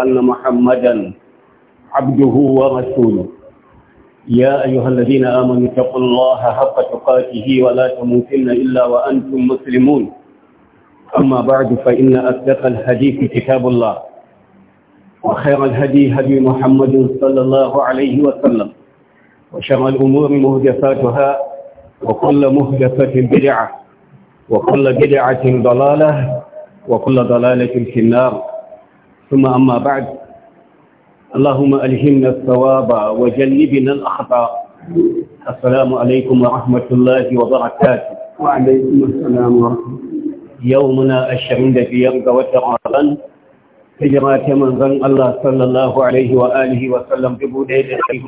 أن محمدا عبده ورسوله يا أيها الذين آمنوا اتقوا الله حق تقاته ولا تموتن إلا وأنتم مسلمون أما بعد فإن أصدق الحديث كتاب الله وخير الهدي هدي محمد صلى الله عليه وسلم وشر الأمور مهدفاتها وكل مهدفة بدعة وكل بدعة ضلالة وكل ضلالة في النار ثم أما بعد اللهم ألهمنا الثواب وجنبنا الأخطاء السلام عليكم ورحمة الله وبركاته وعليكم السلام ورحمة الله يومنا يوم دقيقة وترابا هجرة من ظن الله صلى الله عليه وآله وسلم ببوديه الحيث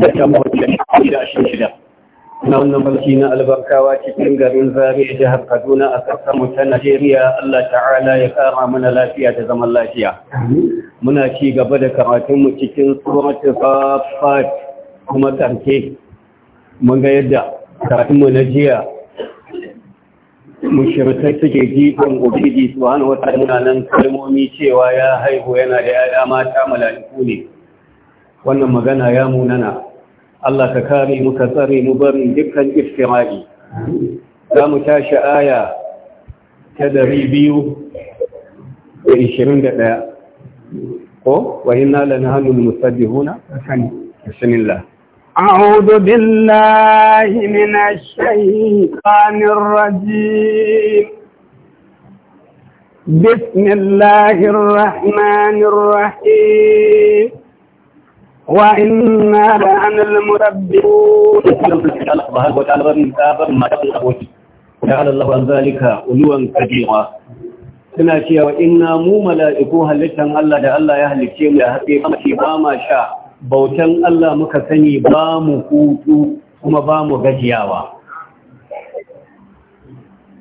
يتموت الحيث na wannan mulki na albarkawa cikin garin Zariya, jihar kaduna a ƙasar ta najeriya allah ta'ala ya kara mana lafiya da zaman lafiya muna ci gaba da karatunmu cikin suratul fafat kuma karke mun ga yadda karatunmu na jiya mushirkai suke jikon obidi su wa wata nan kalmomi cewa ya haihu yana da 'ya'ya mata mala'iku ne wannan magana ya munana Allah ka kare mu ka tsare mu bari dukkan iftira'i za mu tashi aya ta dari biyu da ishirin da ɗaya ko wa inna lana hannun musabbihuna bismillah أعوذ بالله من الشيطان الرجيم بسم الله الرحمن الرحيم وإنا لأن المربون الله الله عن ذلك علوا كبيرا suna cewa inna mu mala'iku halittar Allah da Allah ya halicce mu ya haɗe ba ma sha bautan Allah muka sani ba mu hutu kuma ba mu gajiyawa.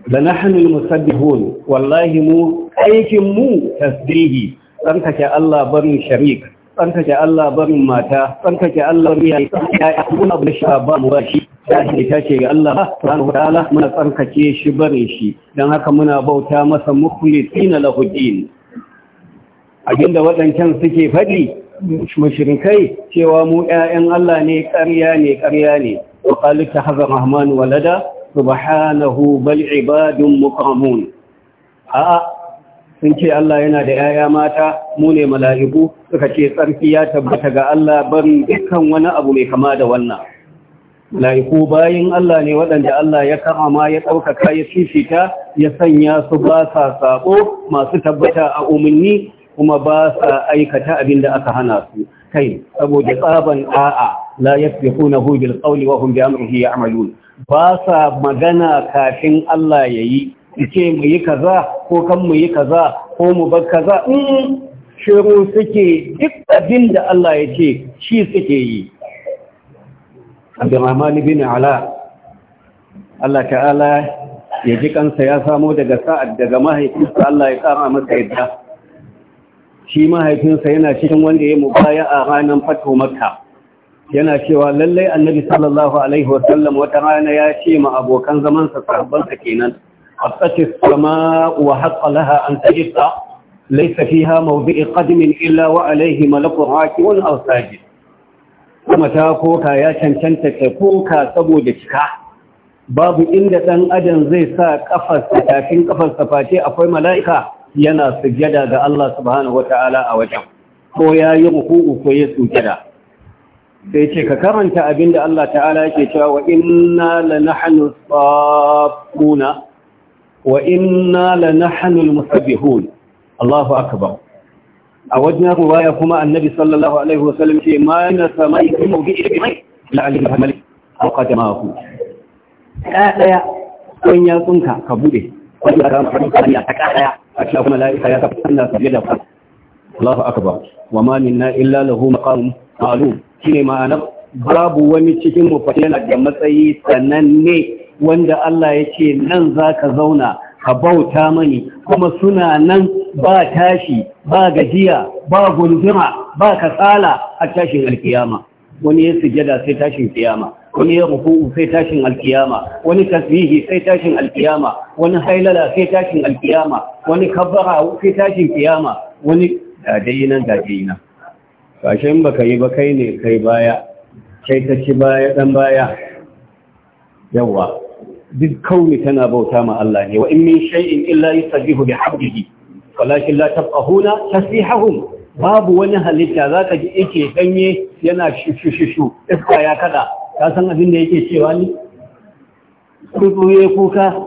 Da na hannun musabbihun, wallahi mu aikin mu tasbihi, tsarkake Allah barin sharik, tsankake Allah barin mata tsankake Allah ya yi ya abun abu da sha ba mu shi ya ce ta ce ga Allah subhanahu wataala muna tsankake shi barin shi dan haka muna bauta masa mukhlisina lahu din abinda waɗancan suke faɗi mushrikai cewa mu yayan Allah ne ƙarya ne ƙarya ne wa qalu tahazza rahman walada subhanahu bal ibadun mukramun a'a sun ce Allah yana da ‘ya'ya mata mu ne mala'iku suka ce tsarki ya tabbata ga Allah barin dukkan wani abu mai kama da wannan. Mala'iku bayan Allah ne waɗanda Allah ya kama ya ɗaukaka ya fifita ya sanya su ba sa saƙo masu tabbata a umarni kuma ba sa aikata abin da aka hana su. Kai, saboda tsaban a'a la yasbihunahu bil qawli wa hum bi amrihi Ba sa magana kafin Allah yayi su ce mu yi kaza ko kan mu yi kaza ko mu bar kaza in shiru suke duk abin da Allah ya ce shi suke yi Abdurrahman bin Ala Allah ta'ala ya ji kansa ya samo daga sa'ad daga mahaifinsa Allah ya kama masa yadda shi mahaifinsa yana cikin wanda ya mubaya a ranar fato makka yana cewa lallai annabi sallallahu alaihi wasallam wata rana ya ce ma abokan zamansa sahabbansa kenan حقت السماء وحق لها أن تجف ليس فيها موضع قدم إلا وعليه ملك راكع أو ساجد kuma ta koka ya cancanta ta saboda cika babu inda ɗan adam zai sa kafarsa tafin kafarsa face akwai mala'ika yana sujjada ga Allah subhanahu wata'ala a wajen ko ya yi ruku'u ko ya sujjada sai ce ka karanta abinda Allah ta'ala yake cewa wa inna lanahnu safuna wa inna lanahnu almusabbihun Allahu akbar a wajen ruwaya kuma annabi sallallahu alaihi wasallam ce ma na samai kuma bi ilmi la alim hamali aw qadamahu ka daya kun ya tsunka ka bude kun da ran fadin kan ya ta ka daya a cikin malaika ya kafa sunna su da fa Allahu akbar wa ma minna illa lahu maqam ma'lum shine ma'ana babu wani cikin mu fa yana da matsayi sananne wanda Allah ya ce nan za ka zauna ka bauta mani kuma suna nan ba tashi ba gajiya ba gunduma ba kasala a tashin alkiyama wani ya sujada sai tashin kiyama wani ya ruku'u sai tashin alkiyama wani tasbihi sai tashin alkiyama wani hailala sai tashin alkiyama wani kabbara sai tashin kiyama wani nan gadayina kashin baka yi ba kai ne kai baya kai ta ci baya dan baya yawa bilkauni tana bauta ma Allah ne wa in min shay'in illa yusabbihu bihamdihi walakin la tabahuna tasbihuhum babu wani halitta zaka ji yake ganye yana shishu shishu iska ya kada ka san abin da yake cewa ni kuduye kuka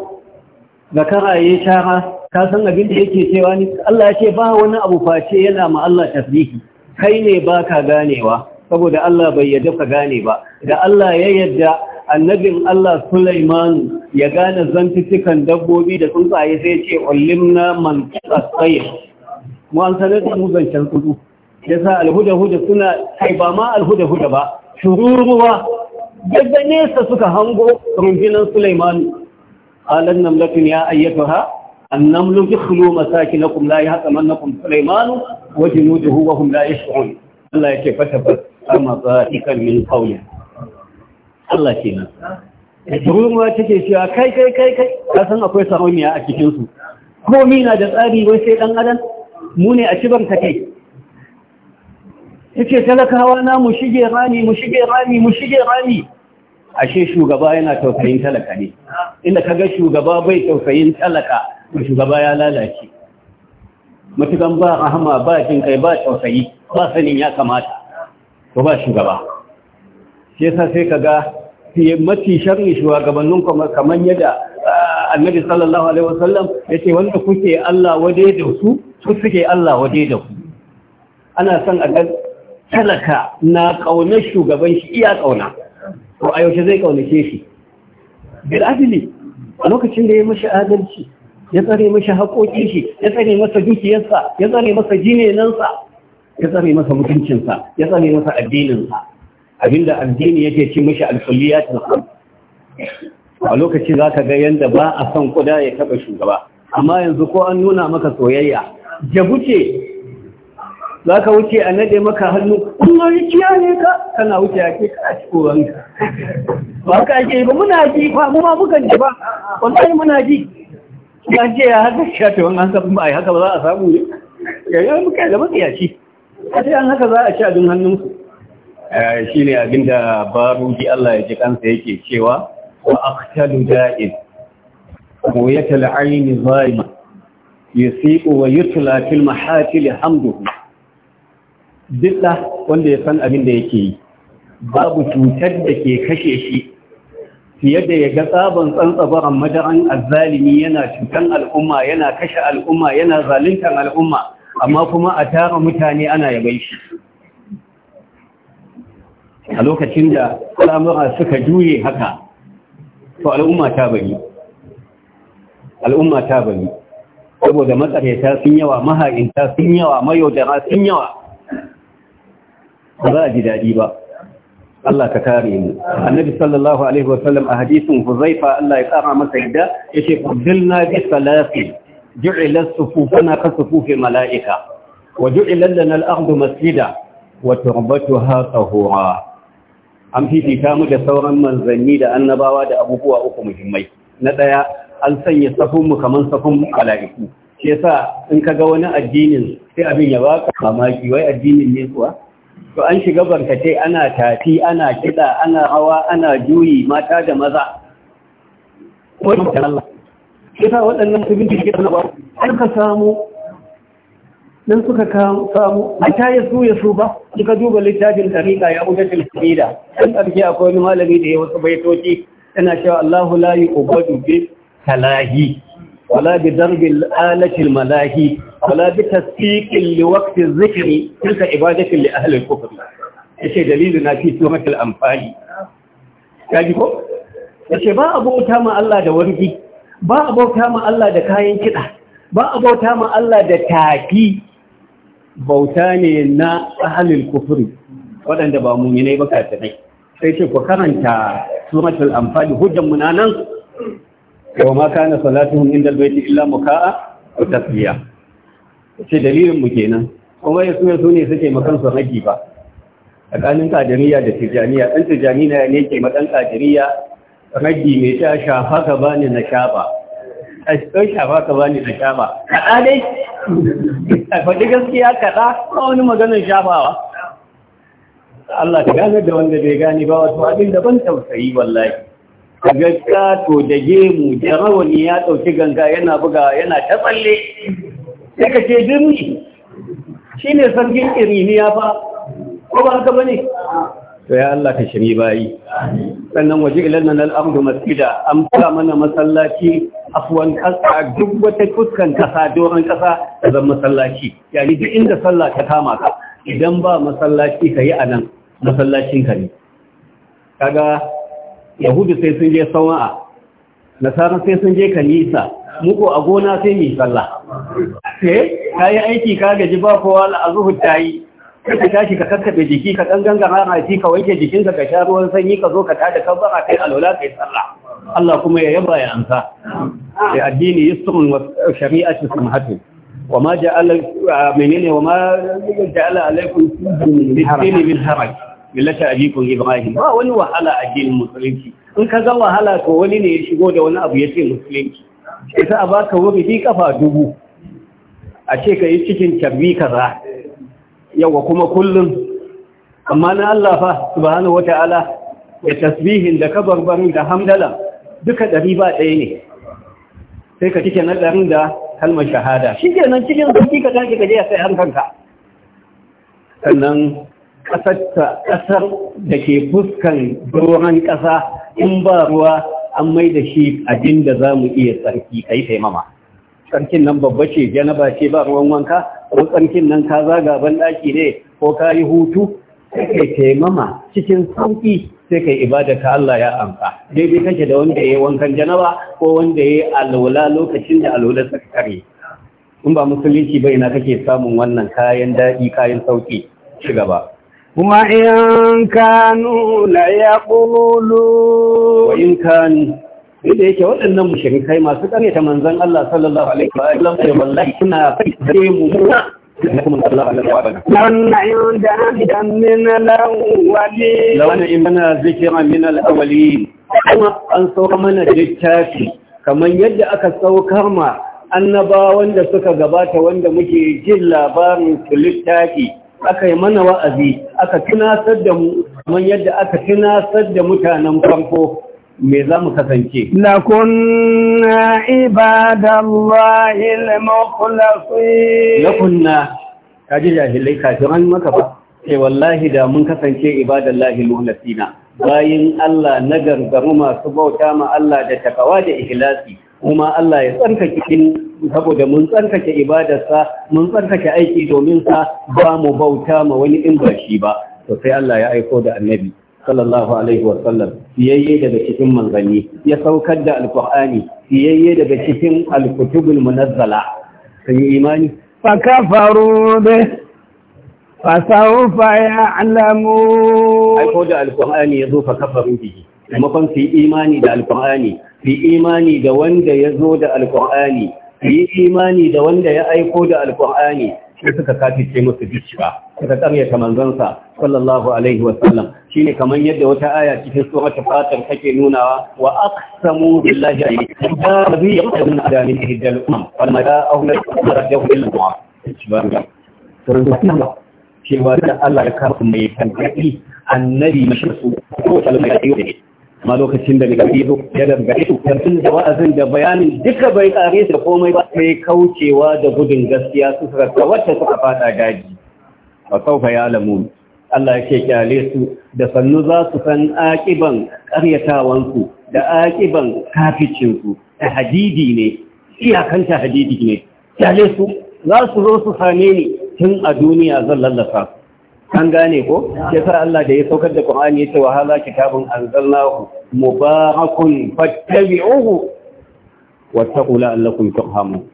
zakara yayi shara ka san abin da yake cewa ni Allah ya ce ba wani abu face yana ma Allah tasbihi kai ne baka ganewa saboda Allah bai yadda ka gane ba da Allah ya yadda annabin Allah Sulaiman ya gane zantukan dabbobi da tsuntsaye sai ce ulimna man tsaye mu an sanar da mu zancen kudu yasa alhuda-huda suna kai ba ma alhuda-huda ba shururuwa daga nesa suka hango rundunar Sulaiman alan namlatin ya ayyata ha annam luki khulu masakinakum la yahtamannakum Sulaiman wa junuduhu wa hum la yash'un Allah yake fatabat amma za'ikan min qawlihi Allah ke nan ruwa take cewa kai kai kai kai ka san akwai sarauniya a cikinsu komi na da tsari wai sai ɗan adam mu ne a cibar ka kai yake talakawa na mu shige rami mu shige rami mu shige rami ashe shugaba yana tausayin talaka ne inda ka ga shugaba bai tausayin talaka ma shugaba ya lalace Matukan ba rahama ba jin kai ba tausayi ba sanin ya kamata to ba shugaba shi yasa sai ka ga mafi sharri shugabannin kamar yadda ah, annabi sallallahu alaihi wasallam ya ce wanda kuke Allah wade da su su suke Allah wade da ku ana son a ga talaka na kauna shugaban shi iya ƙauna ko a yaushe zai ke shi bil adili a lokacin da ya mashi adalci ya tsare mashi haƙoƙi shi ya tsare masa dukiyarsa ya tsare masa jinenansa ya tsare masa mutuncinsa ya tsare masa addininsa abinda addini yake ci mishi alkuliyatul kham a lokaci za ka ga yanda ba a san kuda ya taba shugaba amma yanzu ko an nuna maka soyayya jabuce ka wuce a nade maka hannu kuma kiya ne ka kana wuce a ke a ci koran ba ka ce ba muna ji ba mu ma mukan ji ba wallahi muna ji ya ce ya haka shi ta wannan sabon ba ai haka ba za a samu ne ya yi muka da matsiyaci sai an haka za a ci abin hannunsu Eh, shi ne abinda barugi Allah ya ji kansa yake cewa wa aqtalu da'id koyatal aini zalima yusiqu wa yutla fil mahatil hamduhu dukka wanda ya san abinda yake yi babu cutar da ke kashe shi fiye da ya ga tsaban tsantsabaran madaran azzalimi yana cutan al'umma yana kashe al'umma yana zaluntar al'umma amma kuma a tara mutane ana yabai shi a lokacin da al'amura suka juye haka to al'umma ta bari al'umma ta bari saboda matsaraita sun yawa maha'inta sun yawa mayaudara sun yawa ba za a ji daɗi ba Allah ka kare mu annabi sallallahu alaihi wa sallam, a hadisin huzaifa Allah ya kara masa yadda yace fudilna bi salati ju'ila sufufana ka sufufi mala'ika wa ju'ila lana al-ardu masjida wa turbatuha tahura an fifita mu da sauran manzanni da annabawa da abubuwa uku muhimmai na ɗaya an sanya safinmu kamar safin mala'iku shi yasa in ka ga wani addinin sai abin ya baka mamaki wai addinin ne kuwa to an shiga barkatai ana tafi ana kiɗa ana hawa ana juyi mata da maza ko ta Allah shi yasa waɗannan su bin da ke ba an ka samu nan suka samu a ta ya su ya su ba suka duba littafin tariƙa ya wuce tilfida ɗan ƙarshe akwai wani malami da ya wasu baitoci yana cewa Allahu la yu'badu bi talahi ولا بضرب الآلة الملاهي ولا بتسبيق لوقت الذكر تلك عبادة لأهل الكفر yace na fi sumatul amfani ji ko yace ba abota ma Allah da wargi ba abota ma Allah da kayan kida ba abota ma Allah da tafi bauta ne na ahalin kufri waɗanda ba mu muminai ba kafirai sai ce ku karanta suratul anfal hujjan munanan wa ma kana salatuhum inda albayti illa muka'a wa tasbiya ce dalilin mu kenan kuma ya suya sune suke makan su haji ba tsakanin kadiriya da tijaniya dan tijaniya ne ke madan kadiriya ragi mai ta shafa ka bani na shafa a shafa ka bani na shafa kaɗa dai a faɗi gaskiya kaɗa ba wani maganin shafawa Allah ka gane da wanda bai gane ba wasu abin da ban tausayi wallahi kaga kato da gemu da rawani ya ɗauki ganga yana buga yana ta tsalle sai ka ce jirni shi ne sarkin iriniya fa ko ba haka ba ne to ya Allah ka shiri bayi sannan waje ilanna nan abdu masjida an fara mana masallaci afwan kasa duk wata fuskan kasa doron kasa da zan masallaci yani duk inda sallah ta kama ka idan ba masallaci ka yi a nan masallacin ka ne kaga yahudu sai sun je sawa'a nasara sai sun je kanisa muku a gona sai mai sallah sai eh, ka yi aiki ka gaji ba kowa la'azuhu ta yi sai ka tashi ka kakkaɓe jiki ka ɗan ganga a ji ka wanke jikinka ka sha ruwan sanyi ka zo ka tada ka kabbara kai alwala kai sallah Allah kuma ya yaba ya amsa. ya addini yusrun wa shari'atu samhatu wa ma ja'ala menene wa ma ja'ala alaikum bidini min haraj millata ajikum ibrahim ba wani wahala addinin musulunci in ka ga wahala ko wani ne ya shigo da wani abu ya ce musulunci sai a baka wuri kafa dubu a ce ka yi cikin tabbi kaza yawa kuma kullum amma na Allah fa subhanahu wata'ala ya tasbihin da kabarbarin da hamdala duka ɗari ba ɗaya ne sai ka cike na ɗarin da kalmar shahada shi ke nan cikin sauki ka tashi gaje sai an kanka sannan ƙasar da ke fuskan doron ƙasa in ba ruwa an mai da shi abin da za mu iya tsarki kai taimama tsarkin nan babba ce janaba ce ba ruwan wanka ko tsarkin nan ka zaga ban ɗaki ne ko ka yi hutu sai kai taimama cikin sauƙi sai kai ibada ka Allah ya amsa daidai kake da wanda ya yi wankan janaba ko wanda ya yi alwala lokacin da alwala ta kare in ba musulunci bai na kake samun wannan kayan daɗi kayan sauƙi ci gaba la كانوا ليقولون in kanu duk yake waɗannan mushrikai masu ƙare ta manzon Allah sallallahu alaihi wa sallam sai wallahi suna fayyace mu لأن عندنا هدى من الأولين لو أن إمنا ذكرا من الأولين كما أن سوكمنا جتاتي كما يدعك سوكما annabawan da suka gabata wanda muke jin labarin su littafi aka yi mana wa'azi aka tunasar da mu kamar yadda aka tunasar da mutanen farko me za mu kasance lakunna ibadallahi al-mukhlasin lakunna ji jahilai kafin an maka ba sai wallahi da mun kasance ibadallahi al-mukhlasin bayin Allah na gargaru masu bauta ma Allah da takawa da ikhlasi kuma Allah ya tsarkake din saboda mun tsarkake ibadarsa mun tsarkake aiki domin sa ba mu bauta ma wani in ba shi ba to sai Allah ya aiko da annabi sallallahu alaihi wasallam fiyayye daga cikin manzanni ya saukar da alkur'ani fiyayye daga cikin alkutubul munazzala kan yi imani fa kafaru bi fa sawfa ya'lamu ai ko da alkur'ani yazo fa kafaru bi maimakon su yi imani da alkur'ani su yi imani da wanda ya zo da alkur'ani su yi imani da wanda ya aiko da alkur'ani sai suka kafice musu zuciya suka karyata manzansa sallallahu alaihi wa sallam shine kamar yadda wata aya cikin suratul fatan take nunawa wa aqsamu billahi rabbi yaqulun adami ihdal umam wal mada'ahu rajahu bil du'a cewa da Allah ya kafa mai kankaki annabi mashi su ko sallallahu alaihi wa sallam ma lokacin da likitu ya dangane su yanzu da wa'azin da bayanin duka bai kare su da komai ba sai kaucewa da gudun gaskiya su suka wacce suka fada daji fa saufa ya lamu Allah ya ce kyale su da sannu za su san akiban ƙaryatawansu da akiban kaficinsu da hadidi ne iyakanta hadidi ne kyale su za su zo su same ni tun a duniya zan lallasa an gane ko ya sa Allah da ya saukar da Qur'ani ya ce wa hadha kitabun anzalnahu mubarakun fattabi'uhu wattaqu la'allakum turhamun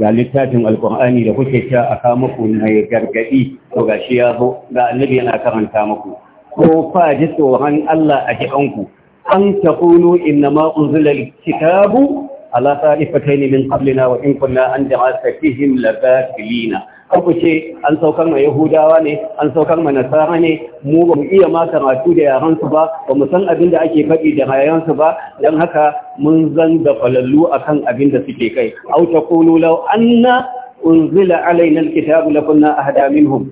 ga littafin alqur'ani da kuke sha a ka muku mai gargadi to gashi ya zo ga annabi yana karanta muku ko fa ji tsoron Allah a jikanku an takunu innama unzila kitabu ala ta'ifataini min qablina wa in kunna an da'atihim labatilina ku ce an saukar ma yahudawa ne an saukar ma nasara ne mu ba mu iya ma karatu da yaran su ba ba mu san abin da ake faɗi da yaran su ba dan haka mun zan da falallu akan abin da suke kai au taqulu law anna unzila alaina alkitabu lakunna ahda minhum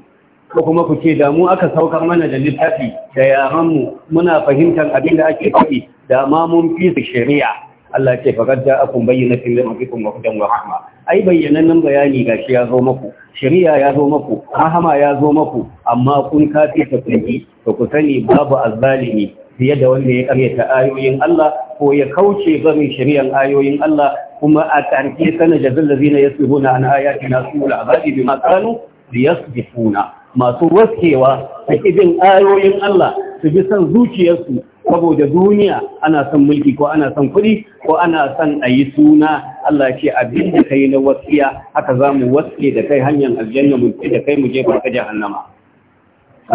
ko kuma ku ce da mu aka saukar mana da littafi da mu muna fahimtar abin da ake faɗi da ma mun fi su shari'a Allah ce faqad ja'akum bayyinatun min rabbikum wa hudan wa rahma ai nan bayani gashi ya zo muku shari'a ya zo muku rahama ya zo muku amma kun kafi ta kunji to ku sani babu azzalimi fiye da wanda ya karyata ayoyin Allah ko ya kauce barin shari'an ayoyin Allah kuma a ƙarfe sana jazal lazina yasbihuna an ayatina su'ul azabi bima kanu liyasbihuna masu waskewa a ibin ayoyin Allah su bi san zuciyarsu saboda duniya ana son mulki ko ana son kuɗi ko ana son a yi suna Allah ce abin da kai na wasiya haka za mu waske da kai hanyar aljanna mu da kai mu je farka jahannama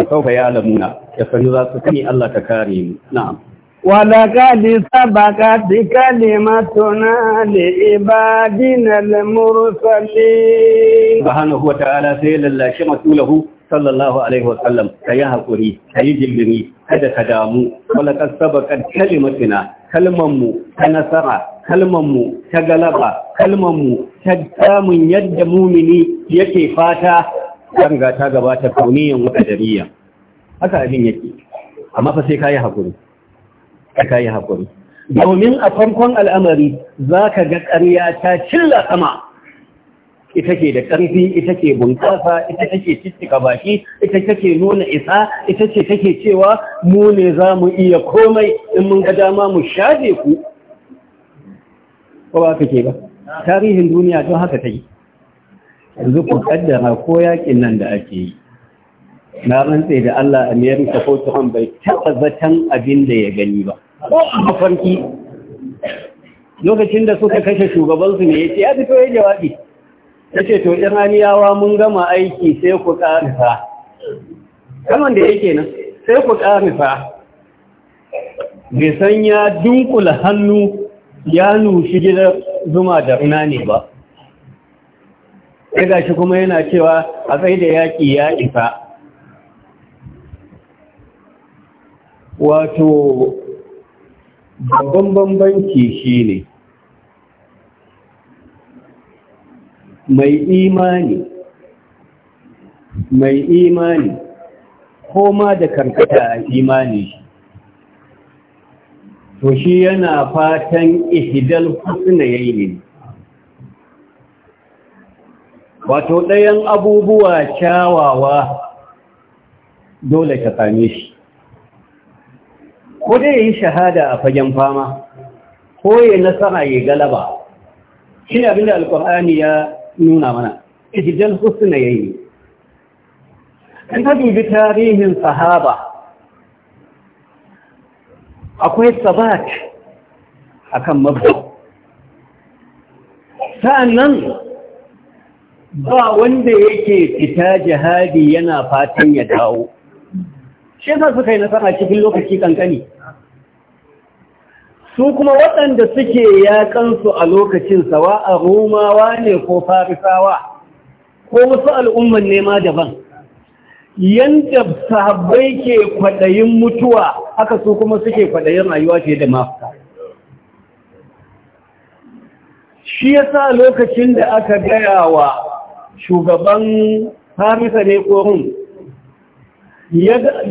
a sauka ya alamuna ya sani za su sani Allah ta kare mu na'am ولقد سبقت كلمتنا لعبادنا المرسلين سبحانه وتعالى سيلا لا شمت له sallallahu alaihi wa sallam ka yi haƙuri ka yi jimbiri kada ka damu wala kan sabakar kalimatina kalmanmu ta nasara kalmanmu ta galaba kalmanmu ta samun yadda mumini yake fata kan ta gabata kauniyan wakadariya haka abin yake amma fa sai ka yi haƙuri ka yi haƙuri domin a farkon al'amari za ka ga ƙarya ta cilla sama ita ke da ƙarfi ita ke bunƙasa ita take cicika baki ita take nuna isa ita ce take cewa mu ne za mu iya komai in mun ga dama mu shaje ku ba ka ke ba tarihin duniya don haka ta yi yanzu ku kaddara ko yakin nan da ake yi na rantse da Allah a miyar ko an bai taɓa zaton abin da ya gani ba ko farki. lokacin da suka kashe shugabansu ne ya ce ya fito ya jawabi ya to iraniyawa mun gama aiki sai ku karifa kaman da yake nan sai ku karifa bai san ya dunkula hannu ya nushi gidan zuma da ina ne ba ya gashi kuma yana cewa a tsaye da yaƙi ya isa wato babban bambanci shi ne mai imani mai imani koma da karkata a imani shi to shi yana fatan ihidal husna yayi wato ɗayan abubuwa kyawawa dole ka same shi ko dai yi shahada a fagen fama ko ya nasara ya galaba shi abinda alkur'ani ya nuna mana ihjal husna yayi in ka dubi tarihin sahaba akwai sabat akan mabda sa'annan ba wanda yake fita jihadi yana fatan ya dawo shi suka yi nasara cikin lokaci kankani su kuma waɗanda suke yaƙansu a lokacin sawa a romawa ne ko farisawa ko wasu al'umman nema daban yanda sahabbai ke kwaɗayin mutuwa haka su kuma suke kwaɗayin rayuwa ce da mafita shi ya sa lokacin da aka gaya wa shugaban farisa ne ko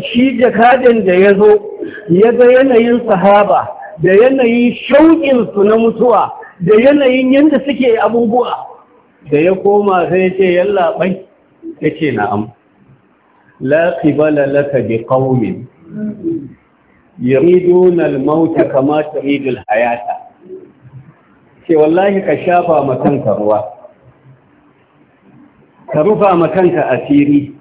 shi jakadan da ya zo ya ga yanayin sahaba da yanayin shauƙinsu na mutuwa da yanayin yadda suke abubuwa da ya koma sai ce yalla bai ya ce na'am la qibala laka bi qaumin yuriduna al-maut kama turidu al-hayata ce wallahi ka shafa makanka ruwa ka rufa makanka asiri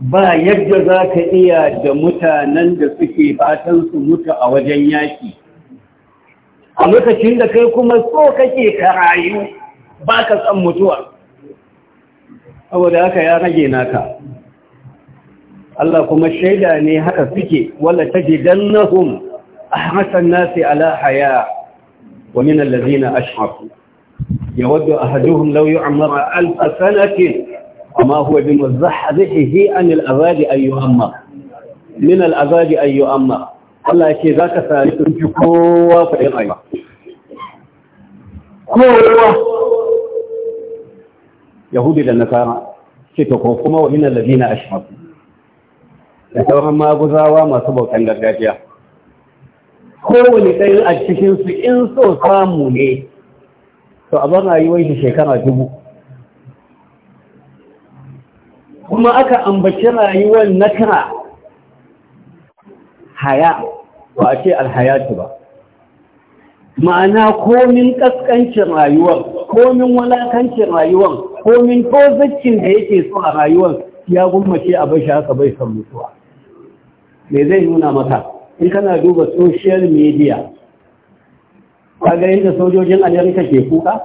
ba yadda za ka iya da mutanen da suke fatan su mutu a wajen yaki a lokacin da kai kuma so kake ka rayu ba ka san mutuwa saboda haka ya rage naka Allah kuma shaida ne haka suke wala a ahmasan nasi ala haya wa min allazina ashraku yawaddu ahaduhum law yu'ammara alf sanatin وما هو بمزحزحه عن الأذاد أن يؤمر من الأذاد أن يؤمر الله يكي ذاك ثالث كوا فإن أيضا كوا يهودي للنصارى كتكو كما وإن الذين أشركوا يتوهم ما غزاوا ما سبوا كان غرغاجيا kowane ɗayan a cikinsu in so samu ne to a zana yi wai shekara dubu kuma aka ambaci rayuwar nakara haya ba a ce alhayatu ba ma'ana komin ƙasƙancin rayuwar komin walakancin rayuwar komin tozaccin da yake so a rayuwar ya gummace a bai haka bai san mutuwa me zai nuna maka in kana duba social media kaga yadda sojojin amerika ke kuka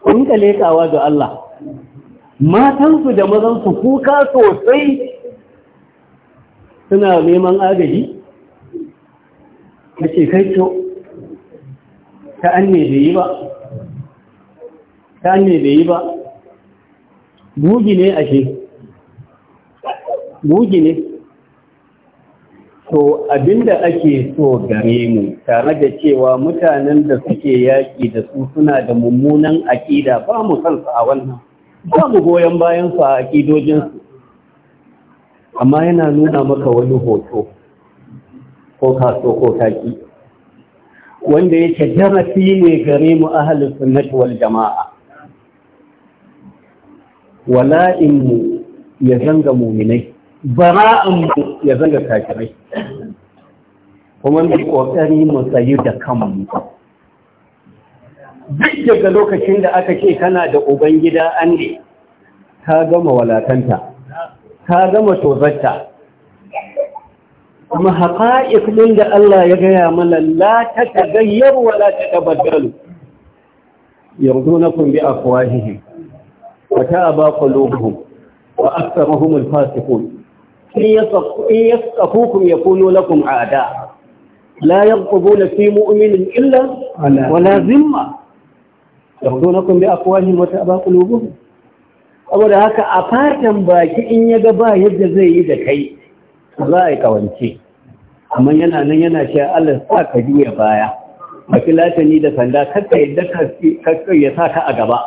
kun leƙawa da Allah matansu da mazansu kuka sosai suna neman agaji ta ce kai to ta an ne da yi ba ta an ne yi ba Gugi ne ashe gugi ne to abinda ake so gare mu tare da cewa mutanen da suke yaƙi da su suna da mummunan aƙida ba mu kansu su a wannan ba mu goyon bayansu a ƙidojinsu amma yana nuna maka wani hoto ko kaso ko kaki wanda yake jarafi ne gare mu ahalin sunnati wal jama'a wala'inmu ya zanga muminai bara'anmu ya zanga kafirai kuma mu kokari mu sayi da kanmu duk daga lokacin da aka ce kana da ubangida an ne Ta gama walakanta Ta gama tozarta kuma haƙa'iƙ da Allah ya gaya mana la ta gayyar wa la ta baddalu. yanzu na kun bi afwahihim wa ba qulubuhum wa aktharuhum al-fasiqun in ya yakunu lakum a'da la yanqubuna fi mu’uminin illa wa la zimma yahudunakum bi afwahihim wa ta'ba qulubuhum saboda haka a fatan baki in ya ga ba yadda zai yi da kai za a yi kawance amma yana nan yana cewa Allah sa ka juya baya baki latani da sanda ka yadda ka ya sa ka a gaba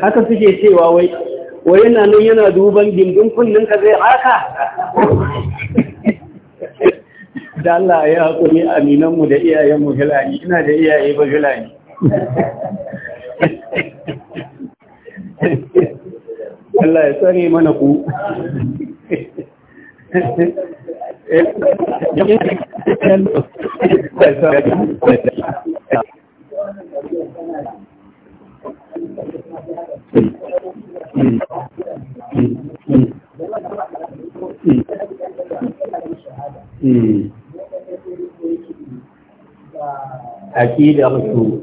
haka suke cewa wai wai yana nan yana duban gindin kunnin ka zai haka da Allah ya haƙuri aminanmu da iyayenmu filani ina da iyaye ba filani Allah ya tsare mana ku da su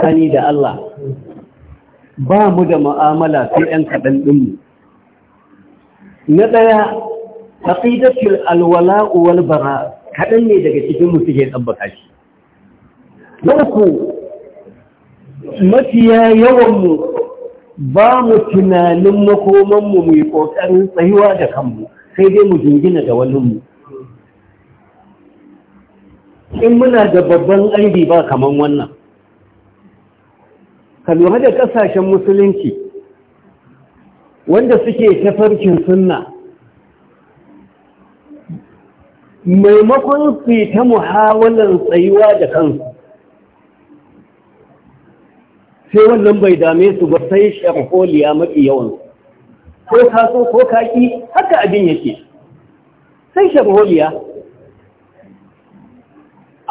sani da Allah ba mu da mu'amala sai ɗan kaɗan ɗinmu na ɗaya aqidatul alwala wal bara kaɗan ne daga cikin mu suke tsabbaka shi na uku mafiya yawan mu ba mu tunanin makomanmu mai ƙoƙarin tsayuwa da kanmu sai dai mu jingina da wani mu in muna da babban aibi ba kamar wannan ka lura da ƙasashen musulunci wanda suke tafarkin sunna maimakon su ta muhawalar tsayuwa da kansu sai wannan bai dame su ba sai sharholiya mafi yawan ko ka ko ka haka abin yake sai sharholiya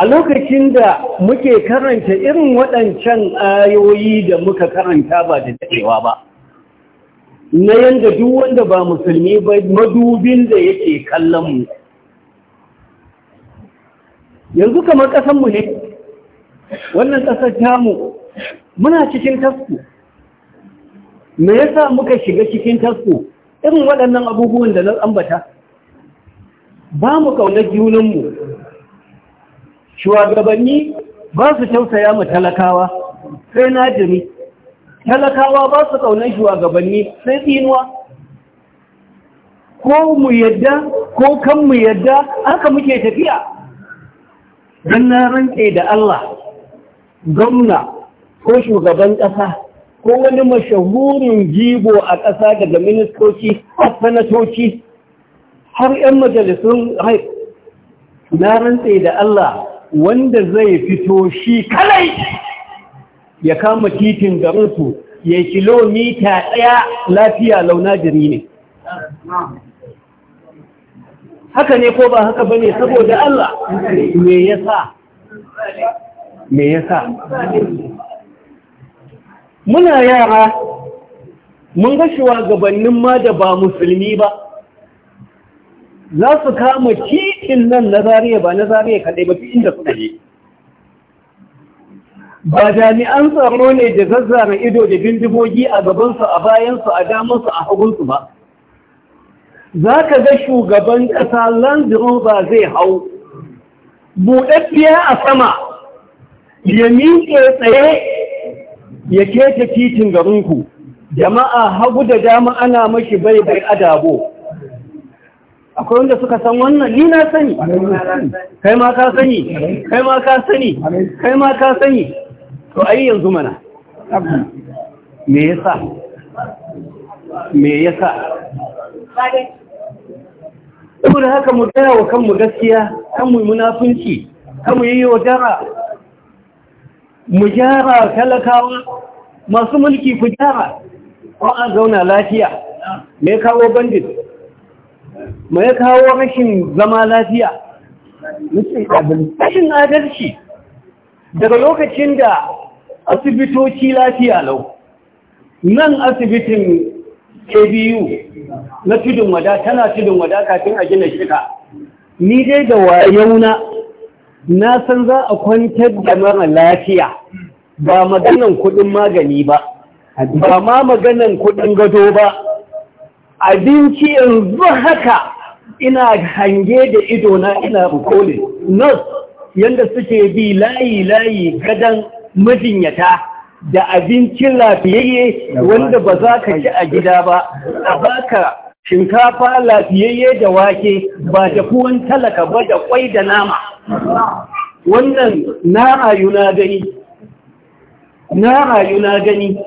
a lokacin da muke karanta irin waɗancan ayoyi da muka karanta ba da daɗewa ba na yadda duk wanda ba musulmi ba madubin da yake kallon mu yanzu kamar ƙasanmu ne wannan ƙasar tamu muna cikin tasku me yasa muka shiga cikin tasku irin waɗannan abubuwan da na ambata ba mu ƙaunar junanmu shugabanni ba su tausaya ma talakawa sai najimi talakawa ba su kaunar shugabanni sai tsinuwa ko mu yadda ko kan mu yadda aka muke tafiya don na rantse da Allah gwamna ko shugaban ƙasa ko wani mashahurin jibo a ƙasa daga ministoci a sanatoci har 'yan majalisun haif na rantse da Allah wanda zai fito shi kalai ya kama titin garinsu ya kilomita ɗaya lafiya launa jiri ne haka ne ko ba haka ba ne, saboda Allah me yasa me yasa muna yara mun ga gabanin ma da ba musulmi ba za su kama ci in nan na zariya ba na zariya kaɗai ba inda suka je ba jami'an tsaro ne da zazzara ido da bindigogi a gabansu a bayansu a damansu a hagunsu ba za ka ga shugaban ƙasa land ba zai hau buɗaɗɗiya a sama ya miƙe tsaye ya keta titin garinku jama'a hagu da dama ana mashi bai bai adabo akwai wanda suka san wannan ni na sani kai ma ka sani kai ma ka sani kai ma ka sani to ai yanzu mana me yasa me yasa saboda haka mu gaya wa kanmu gaskiya kan mu munafunci kan mu yi yaudara mu gyara talakawa masu mulki ku jara. ko an zauna lafiya me kawo bandit ma ya kawo rashin zama lafiya rashin adalci daga lokacin da asibitoci lafiya lau nan asibitin kbu na tudun wada tana tudun wada kafin a gina shika ni dai da wayauna na san za a kwantar da mara lafiya ba maganan kudin magani ba ba ma maganan kudin gado ba abinci yanzu haka ina hange da ido na ina bukoli nos yanda suke bi layi layi gadan majinyata da abincin lafiyayye wanda ba za ka ci a gida ba a baka shinkafa lafiyayye da wake ba da kuwan talaka ba da kwai da nama wannan na rayu na gani na rayu na gani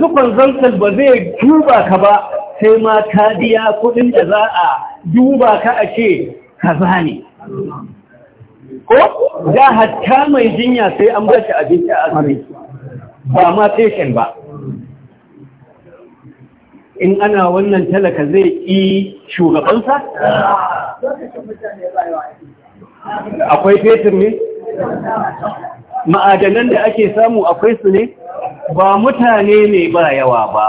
zukon ba zai duba ka ba sai ma ta biya kudin da za a duba ka a ce kaza ne ko da hatta mai jinya sai an bashi abinci a asibiti ba ma patient ba in ana wannan talaka zai yi shugabansa akwai fetur ne ma'adanan da ake samu akwai su ne ba mutane ne ba yawa ba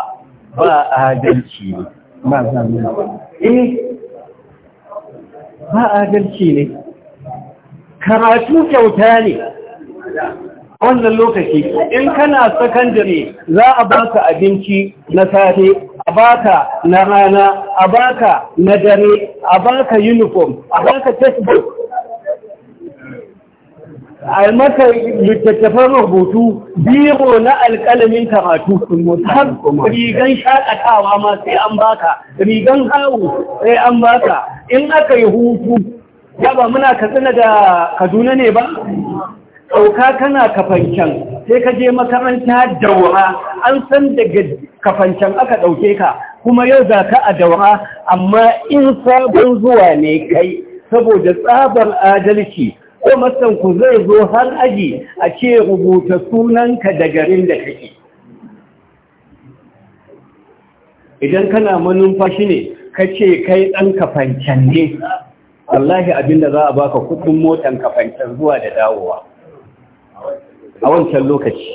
ba adalci ne eh, ba adalci ne karatu kyauta ne wannan lokaci in kana sakandare za a baka abinci na safe a baka na rana a baka na dare a baka uniform a baka textbook a littattafan rubutu biro na alƙalamin karatu har rigan shaƙatawa ma sai an baka rigan hawo sai an baka in aka yi hutu ya ba muna ka katsina da kaduna ne ba ɗauka kana kafancan sai ka je makaranta daura an san daga kafancan aka ɗauke ka kuma yau za ka a daura amma in sabon zuwa ne kai saboda tsabar adalci ko ku zai zo har aji a ce rubuta sunanka da garin da kake idan kana manumfashi ne ka ce kai ɗan kafancan ne wallahi abinda za a baka kudin motan kafancan zuwa da dawowa a wancan lokaci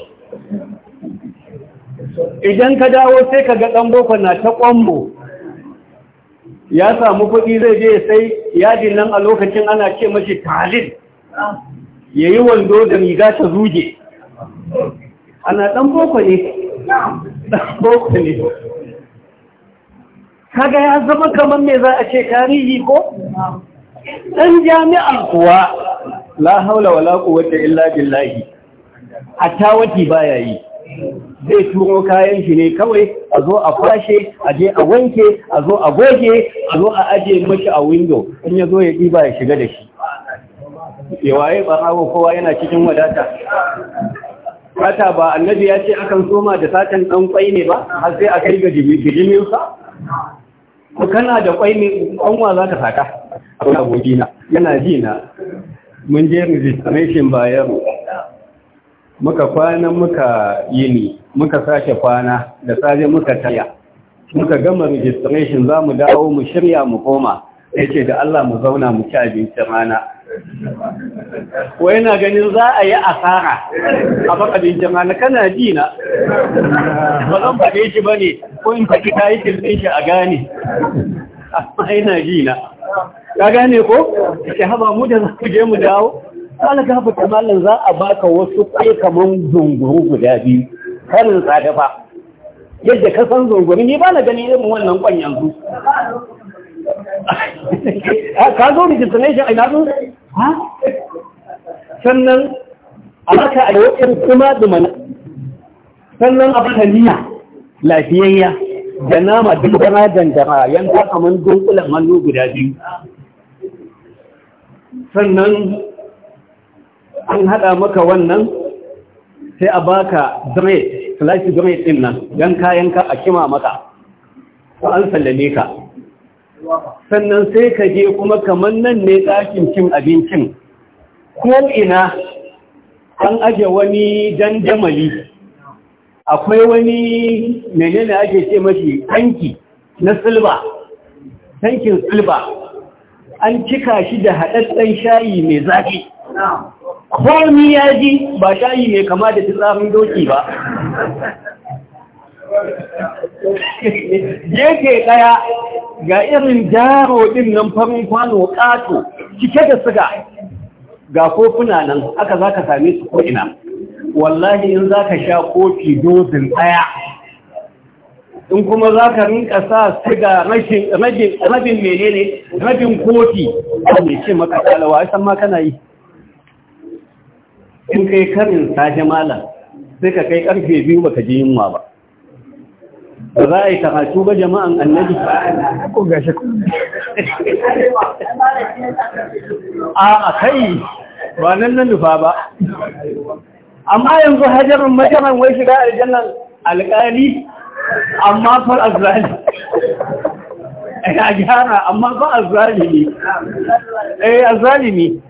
idan ka dawo sai ka ga ɗan boko na ta kwambo ya samu kuɗi zai je sai yadin nan a lokacin ana ce mashi talib Yayi wando da riga ta zuge ana ɗan boko ne boko ne kaga ya zama kamar me za a ce tarihi ko ɗan jami'ar kuwa la haula wala quwwata illa lahi. hatta wati baya yi zai turo kayan shi ne kawai a zo a fashe, a je a wanke a zo a goge a zo a aje mashi a window in ya zo ya ɗiba ya shiga da shi yawaye barawo kowa yana cikin wadata fata ba annabi ya ce akan soma da satan dan kwai ne ba har sai a kai ga jibilin sa ko kana da kwai ne kwanwa za ta saka akwai abokina yana ji na mun je registration bayan muka kwana muka yini muka sake kwana da safe muka taya muka gama registration za mu dawo mu shirya mu koma yace da Allah mu zauna mu ci abincin rana wai na ganin za a yi asara a bakabin jama'a kana ji na ba zan faɗe shi ba ne ko in faɗi ta yi tilɗin shi a gane amma yana ji na ka gane ko ya haɓa mu da za ku je mu dawo kala ka fita za a baka wasu kai kamar zunguru guda biyu karin tsada ba yadda ka san zunguru ni ba na gani irin wannan kwan yanzu ka zo a ina zo sannan a baka a yawon kuma dumana sannan a baka niya lafiyayya da nama gana dangara yanka kamar dunkulan hannu guda biyu sannan an haɗa maka wannan sai a baka dread flash dread din nan yanka yanka a kima maka an sallame ka sannan sai ka je kuma kamar nan ne ɗakin cin abincin ko ina an aje wani dandamali akwai wani menene ake ce mashi tanki na silba tankin silba an cika shi da haɗaɗɗen shayi mai zafi komi ya ji ba shayi mai kama da tsarin doki ba gefe ɗaya ga irin jaro ɗin nan farin kwano ƙato cike da siga ga kofuna nan aka za ka same su ko'ina wallahi in za ka sha kofi dozin ɗaya in kuma za ka rinka sa suga rabin menene rabin kofi a mai ce maka a san ma kana yi in kai karin saje malam sai ka kai karfe biyu baka ji yunwa ba ba za a yi karatu ba jama'an annabi ko gashi ko a a kai ba nan nan nufa ba amma yanzu hajarin majaran wai shiga aljannan Alkali. amma far azali eh, a gyara amma ba ne eh ne adali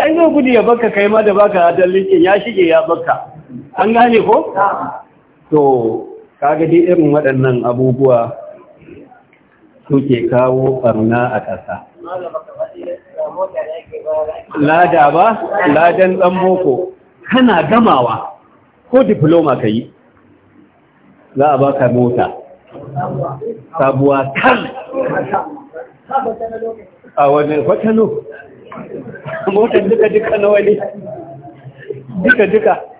an yi gudu ya baka kai ma da baka adalci ya shige ya baka an gane ko to kaga dai irin waɗannan abubuwa suke kawo ɓarna a ƙasa lada ba ladan ɗan boko kana gamawa ko diploma ka yi za a baka mota sabuwa kan a wani kwatano motar duka-duka na wani duka-duka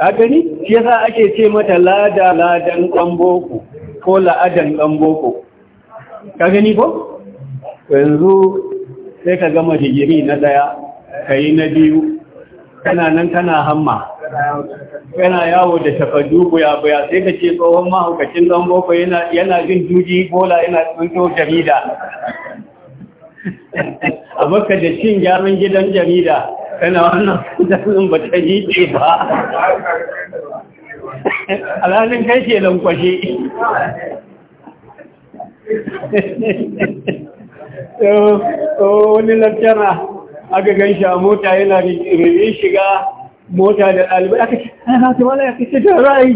a gani shi yasa ake ce mata lada ladan ɗan ko la'adan ɗan ka gani ko yanzu sai ka gama digiri na ɗaya ka yi na biyu kana nan kana hamma Kana yawo da takardu buya-buya sai ka ce tsohon mahaukacin ɗanboko yana jin juji bola yana tsunto jarida a baka da cin gyaran gidan jarida yana wannan zanen ba ta yi ce ba alhalin kai ke lankwashe wani lantana aka gan sha a mota yana rere shiga mota da ɗalibai aka ce ana ta wala ya kace da ra'ayi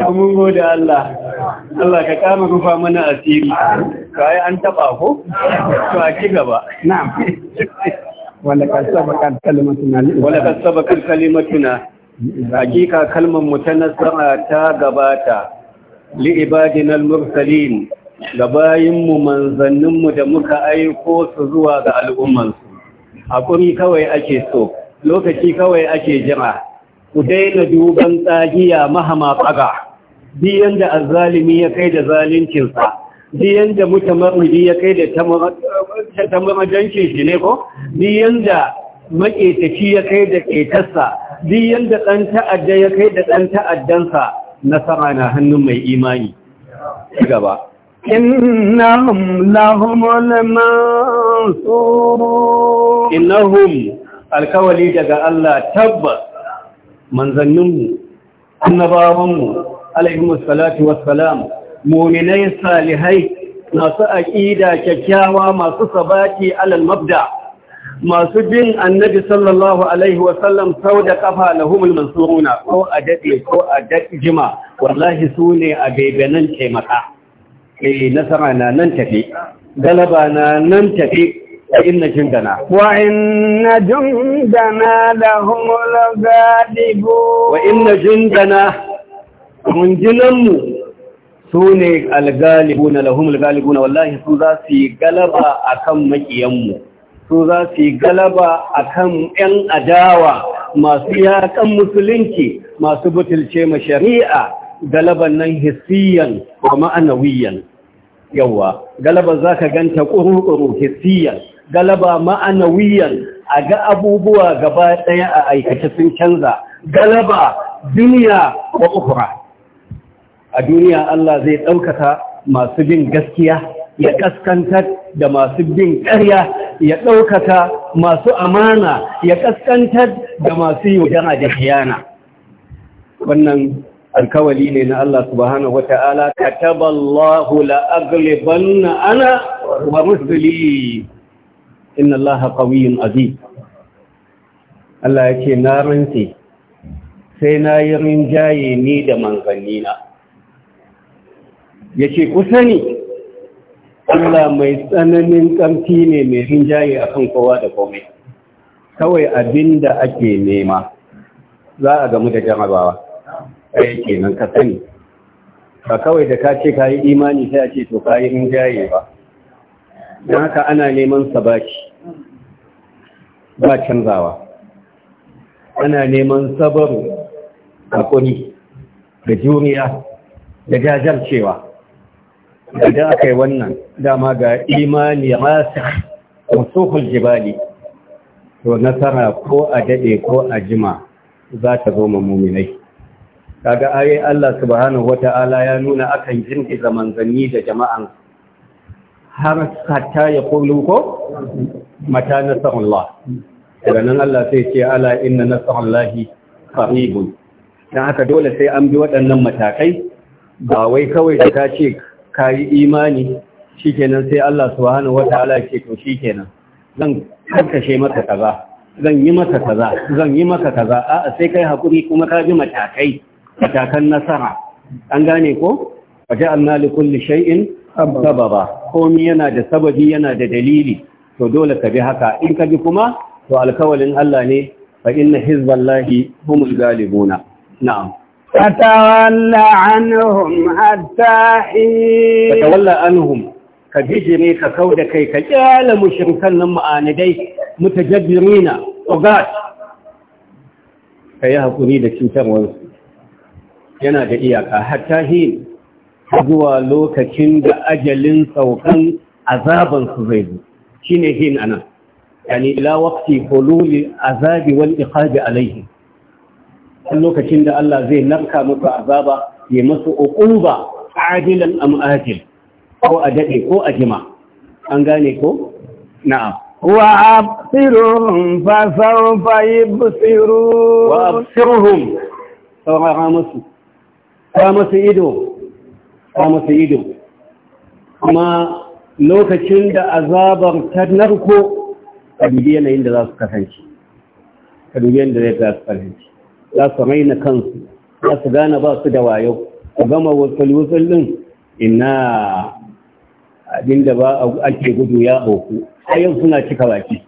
amin gode Allah Allah ka kama rufa mana asiri yi an taba ko to a ci gaba na'am wanda ka sabaka kalmatuna wala ka sabaka kalmatuna hakika kalmar mu ta nasara ta gabata li ibadina al-mursalin gabayinmu manzanninmu da muka aiko su zuwa ga al'ummansu kuri kawai ake so lokaci kawai ake jira ku daina duban tsagiya mahama tsaga Biyan yanda azalimi ya kai da zalincinsa duk yanda mutamarridi ya kai da tamarajancin shi ne ko Biyan yanda maƙetaci ya kai da ƙetarsa biyan yanda ɗan ta'adda ya kai da ɗan ta'addansa nasara na hannun mai imani gaba innahum lahumul mansurun innahum alkawali daga Allah tabbas manzanninmu annabawanmu alaihimu salatu wassalam muminai salihai masu aƙida kyakkyawa masu sabati alal mabda masu bin annabi sallallahu alaihi wasallam sau da kafa lahumul mansuruna ko a daɗe ko a jima wallahi su ne a bebenan taimaka eh nasara na nan tafi galaba na nan tafi وإن جندنا وإن جندنا لهم الغالبون وإن جندنا rundunanmu su ne algalibuna lahum algalibuna wallahi su za su yi galaba a kan makiyanmu su za su yi galaba akan yan adawa masu yakan musulunci masu butulce ma shari'a galaban nan hissiyan wa ma'anawiyan yawa galaba za ka ganta ƙuru-ƙuru hissiyan galaba ma'anawiyan a ga abubuwa gaba ɗaya a aikace sun canza galaba duniya wa ukura a duniya Allah zai ɗaukaka masu bin gaskiya ya ƙaskantar da masu bin ƙarya ya ɗaukaka masu amana ya kaskantar da masu yaudara da khiyana wannan alkawali ne na Allah subhanahu wata'ala kataballahu la'aglibanna ana wa rusuli inna Allah qawiyyun aziz Allah yake na rantsi sai na yi rinjaye ni da manzannina Ya ce ku sani Allah mai tsananin ƙamfi ne mai rinjaye akan kowa da komai kawai abinda ake nema za a gamu da jarabawa ai kenan ka sani ba kawai da ka ce ka yi imani ta a ce to ka yi rinjaye ba don haka ana neman sabaki ba canzawa ana neman sabaru haƙuri da juriya da cewa. idan aka yi wannan dama ga imani rasa musuhul jibali to nasara ko a daɗe ko a jima za ta zo mummunai kaga ayi Allah subhanahu wata'ala ya nuna akan jinki zanni da jama'an har hatta ya kullu ko mata nasarullah daga nan Allah sai ce ala inna nasarullahi qaribun dan haka dole sai an bi waɗannan matakai ba wai kawai da ta ce ka yi imani shikenan sai Allah subhanahu Ta'ala ke to shikenan zan karkashe mata kaza zan yi maka kaza zan yi mata kaza a'a sai kai hakuri kuma ka bi matakai matakan nasara an gane ko waja'alna li kulli shay'in sababa komai yana da sababi yana da dalili to dole ka bi haka in ka bi kuma to alkawalin Allah ne fa inna hizballahi humul galibuna na'am فتولى عنهم حتى حين فتولى عنهم ka bijire ka kauda kai ka kyala mushrikan nan ma'anidai mutajabbirina ugat ka yi hakuri da cutarwarsu yana da iyaka hatta hin zuwa lokacin da ajalin saukan azabansu zai zo shine hin anan yani ila waqti hululi azabi wal iqabi alaihim lokacin da Allah zai narka musu azaba ya masu uquba adilan am ajil ko a dade ko a jima an gane ko na'am wa absirhum fa sawfa yubsirun wa absirhum sawara musu fa musu ido fa musu ido kuma lokacin da azabar ta narko ka dubi yanayin da za su kasance a dubi yanayin da su kasance za su raina kansu za su gane ba su da wayo su gama wasul-wasul din? ina abinda ba ake gudu ya hoku a yau suna cika baki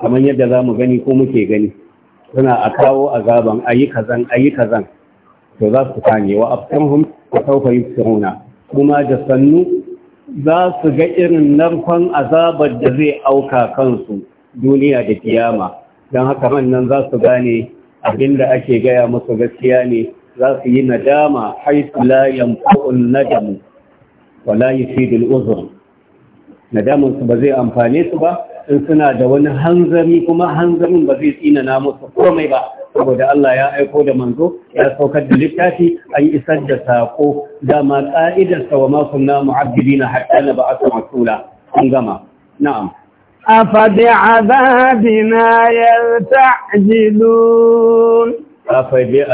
kamar yadda za mu gani ko muke gani suna a kawo azaban ayi kazan ayi kazan to za su kane wa afkanhum wa sawfa yusiruna kuma da sannu za su ga irin narkon azabar da zai auka kansu duniya da kiyama don haka nan za su gane abinda ake gaya masu gaskiya ne za su yi nadama haisu la yanfa'un nadamu wa la yusidul uzur nadamun su ba zai amfane su ba in suna da wani hanzari kuma hanzarin ba zai tsinana musu komai ba saboda Allah ya aiko da manzo ya saukar da littafi an isar da sako dama ka'idar sa wa ma na mu'abbidina hatta na ba'athu rasula an gama na'am Afade a zabina yasta a jiru. Afade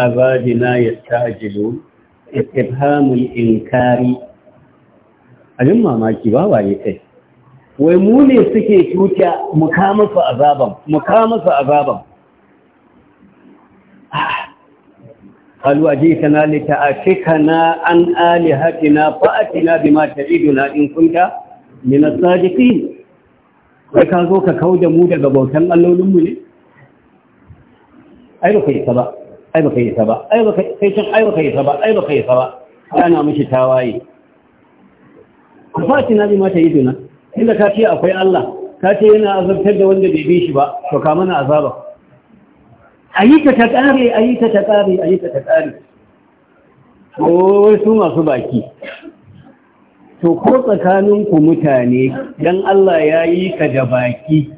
mamaki ba waye sai. Wai mu ne suke a zabam? Mu kama su a zabam. Halu aje ta na littafi kana an ali hakina ba'a idona in sai ka zo ka kau da mu daga bautan allolinmu ne ai baka isa ba ai baka isa ba ai baka sai can ai baka isa ba ai baka isa ba ana mishi tawaye ku fati na bi mata yiduna inda ka ce akwai Allah ka ce yana azabtar da wanda bai bi shi ba to ka mana azaba ayi ta ta kare ayi ta ta kare ayi ta ta kare ko su masu baki to ko tsakaninku mutane dan Allah ya yi ka da baki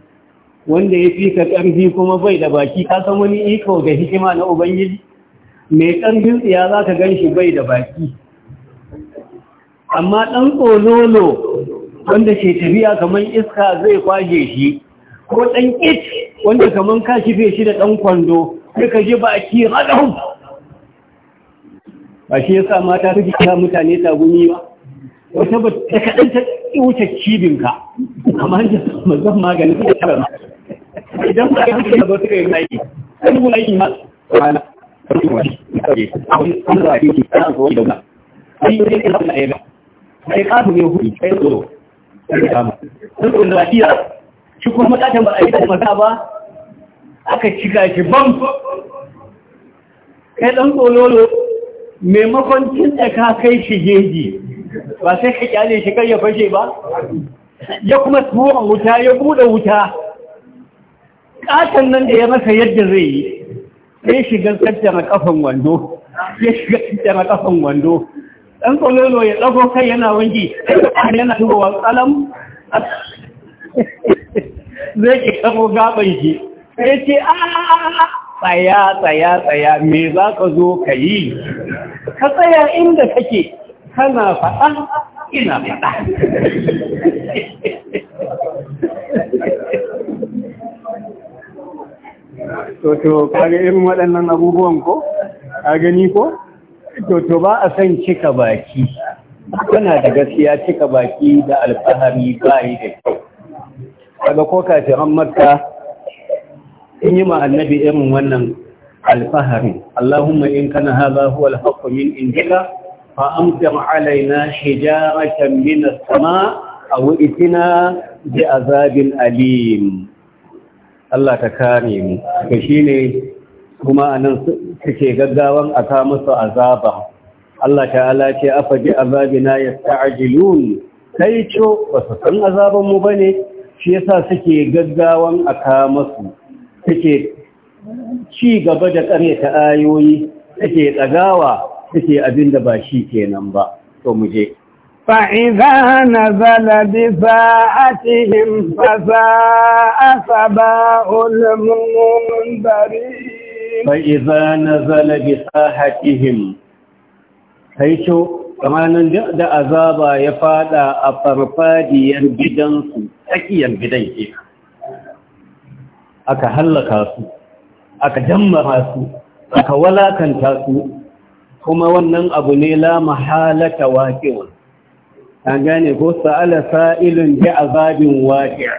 wanda ya fi ka ƙarfi kuma bai da baki ka san wani iko da hikima na ubangiji mai ƙarfin tsiya za ka gan shi bai da baki amma ɗan tsololo wanda ke tafiya kamar iska zai kwaje shi ko ɗan it wanda kamar ka kife shi da ɗan kwando suka ji baki haɗau ba shi yasa mata suke kira mutane tagumi ba wata ba ta kaɗan ta wuce cibinka amma ya mazan magani ta tara idan ba ka yi zo su yi aiki yi aiki ma wani a wani da an yi da ayyuka sai sai sai da shi kuma ba a yi da ba aka cika shi bam kai ɗan tsololo maimakon tun da ka kai shi jeji ba sai ka kyale shi kar ya fashe ba ya kuma tuwon wuta ya bude wuta katon nan da ya masa yadda zai yi sai shiga tattara kafan wando ya shiga na kafan wando dan kololo ya dago kai yana wanki yana turowa kalam zai ke kafo gaban shi sai ce a tsaya tsaya tsaya me za ka zo ka yi ka tsaya inda kake kana faɗa ina faɗa to to kaga irin waɗannan abubuwan ko a gani ko to to ba a san cika baki kana da gaskiya cika baki da alfahari ba yi da kyau kaga ko an makka in yi ma annabi irin wannan alfahari allahumma in kana hadha huwa alhaqqu min indika فأمطر علينا حجارة من السماء أو إتنا بعذاب أليم Allah ta kame mu, ka shi ne kuma a nan suke gaggawan a kama su azaba. Allah ta alace a faɗi azabina ya ta'ajilun, kai co ba su san azabanmu ba ne, shi yasa suke gaggawan a kama su, suke ci gaba da ƙarya ta ayoyi, suke tsagawa suke abin da ba shi kenan ba to mu je Fa'iza na فإذا نزل بساعتهم فساء سباء المنذرين فإذا نزل بساحتهم حيث kamanin da azaba ya fada a farfadiyar gidansu tsakiyar gidan ke aka hallaka su aka jammara su aka walakanta su kuma wannan abu ne la mahalata waqi'un an gane ko sa'ala sa'ilun bi azabin waqi'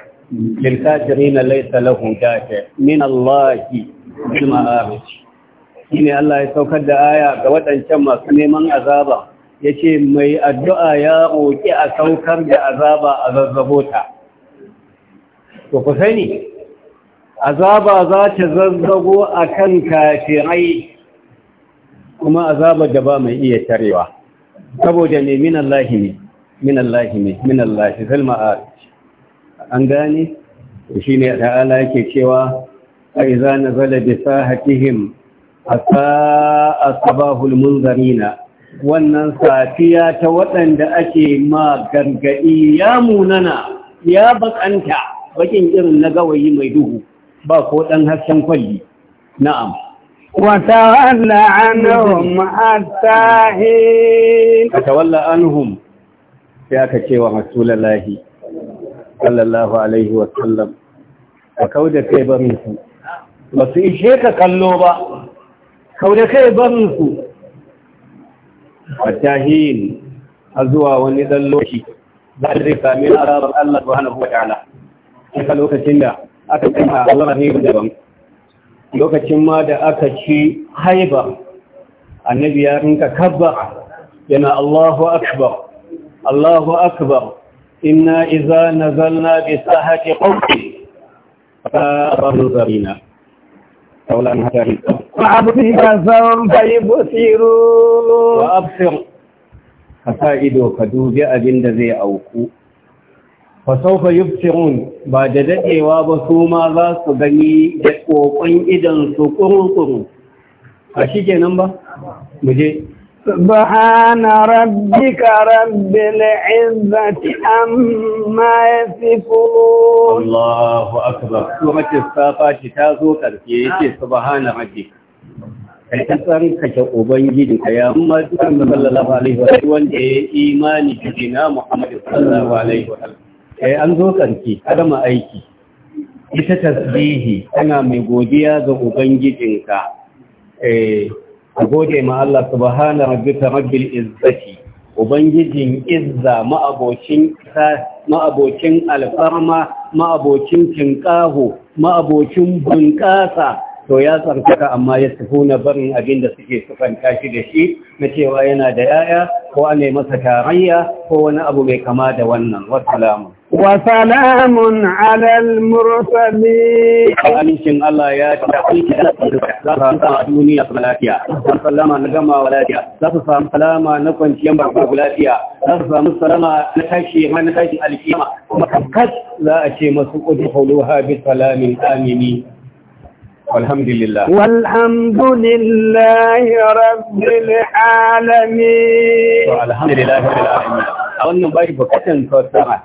lil kafirin laysa lahu dafi min allahi kuma ma'arij shine Allah ya saukar da aya ga waɗancan masu neman azaba yace mai addu'a ya roki a saukar da azaba a zazzabota to ku sani azaba za ta zazzago akan kafirai kuma azabar da ba mai iya tarewa saboda ne min Allah ne min Allah ne min Allah zal an gane shine ta'ala yake cewa aiza nazala bi sahatihim asa asbahul munzarina wannan safiya ta waɗanda ake ma gargadi ya munana ya bakanta bakin irin na gawayi mai duhu ba ko ɗan hasken kwalli na'am وتولى عنهم حتى حين وتولى عنهم يا كتيوة رسول الله صلى الله عليه وسلم وكودة كيبا منكم wasu ishe ka kallo ba kau da kai barinsu fatahin a zuwa wani ɗan lokaci za da zai sami azabar Allah subhanahu wa ta'ala aka lokacin lokacin ma da aka ci haiba annabi ya rinka kabba yana Allahu akbar Allahu akbar inna idza nazalna bi sahati qawmi fa rabbu zarina حديثا hadari wa abdi وابصر ka wa ido ka kadu bi abinda zai auku fasaufa yuftirun ba da daɗewa ba su ma za su gani da ƙoƙon idan su ƙurƙuru. a shi nan ba mu je سبحان ربك رب العزة أما يصفون الله أكبر سورة الصافات تازو كرتيه سبحان ربك kai ta san kake ubangiji ka ya amma dukkan sallallahu alaihi wa sallam wanda ya imani da dina Muhammad sallallahu alaihi wa sallam kai eh, an zo karki adama aiki ita tasbihi tana mai godiya ga ubangijinka eh gode ma Allah subhana rabbika rabbil izzati ubangijin izza ma'abocin ma'abocin alfarma ma'abocin tinqahu ma'abocin bunƙasa to ya tsarkaka amma ya tafi na barin abin da suke sufanta shi da shi na cewa yana da yaya ko an masa tarayya ko wani abu mai kama da wannan wasu وسلام على المرسلين amincin Allah ya tafi da za su samu a duniya su lafiya za su salama na gama lafiya za su samu salama na kwanciyar barko lafiya za su samu salama na za a ce masu salamin amini والحمد لله والحمد لله رب العالمين والحمد لله رب العالمين a wannan bashi bukatan fassara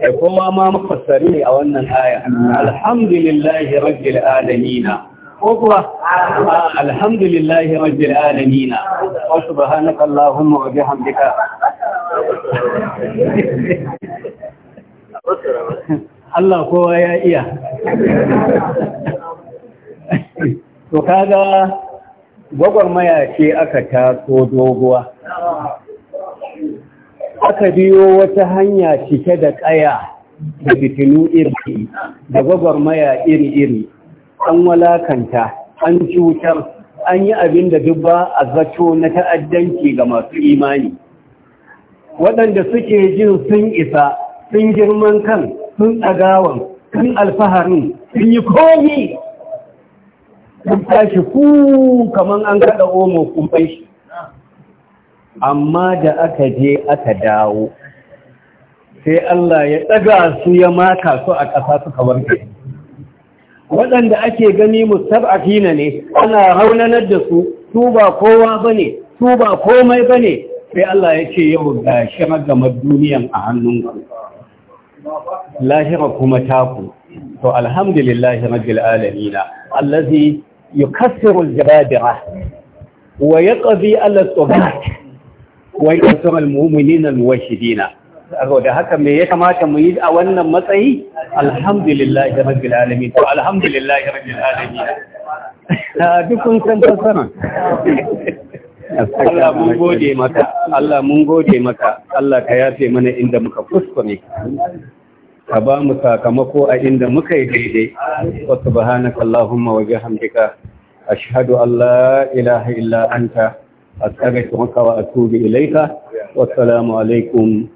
da eh, kowa ma mafassari ne a wannan aya alhamdulillahi rabbil alamin ko kuwa alhamdulillahi rabbil alamin wa subhanaka allahumma wa bihamdika Allah kowa ya iya to kaga gwagwarmaya ce aka taso doguwa aka biyo wata hanya cike da ƙaya da fitinu iri da gwagwarmaya iri-iri an walakanta an cutar an yi abin da duk a zato na ta'addanci ga masu imani waɗanda suke jin sun isa sun girman kan sun ɗagawan sun alfaharin sun yi komi sun tashi ku kamar an kaɗa omo kumfai shi amma da aka je aka dawo sai Allah ya ɗaga su ya maka su a ƙasa suka warke waɗanda ake gani mustab'afina ne ana raunanar da su su ba kowa bane su ba komai bane sai Allah ya ce yau ga shi magamar duniyan a hannunku lahira kuma taku to alhamdulillah rabbil alamin allazi yukaffiru al wa yaqdi ala al wai kasar al-mu'minina al-washidina saboda haka me ya kamata mu yi a wannan matsayi ya rabbil alamin to ya rabbil alamin ah, duk kun san fasara Allah mun gode maka Allah mun gode maka Allah ka yafe mana inda muka kuskure ka ba mu sakamako a inda muka yi daidai wa subhanaka allahumma wa bihamdika ashhadu an la ilaha illa anta a tsara shi makawa a tobe ilaika wasu alaikum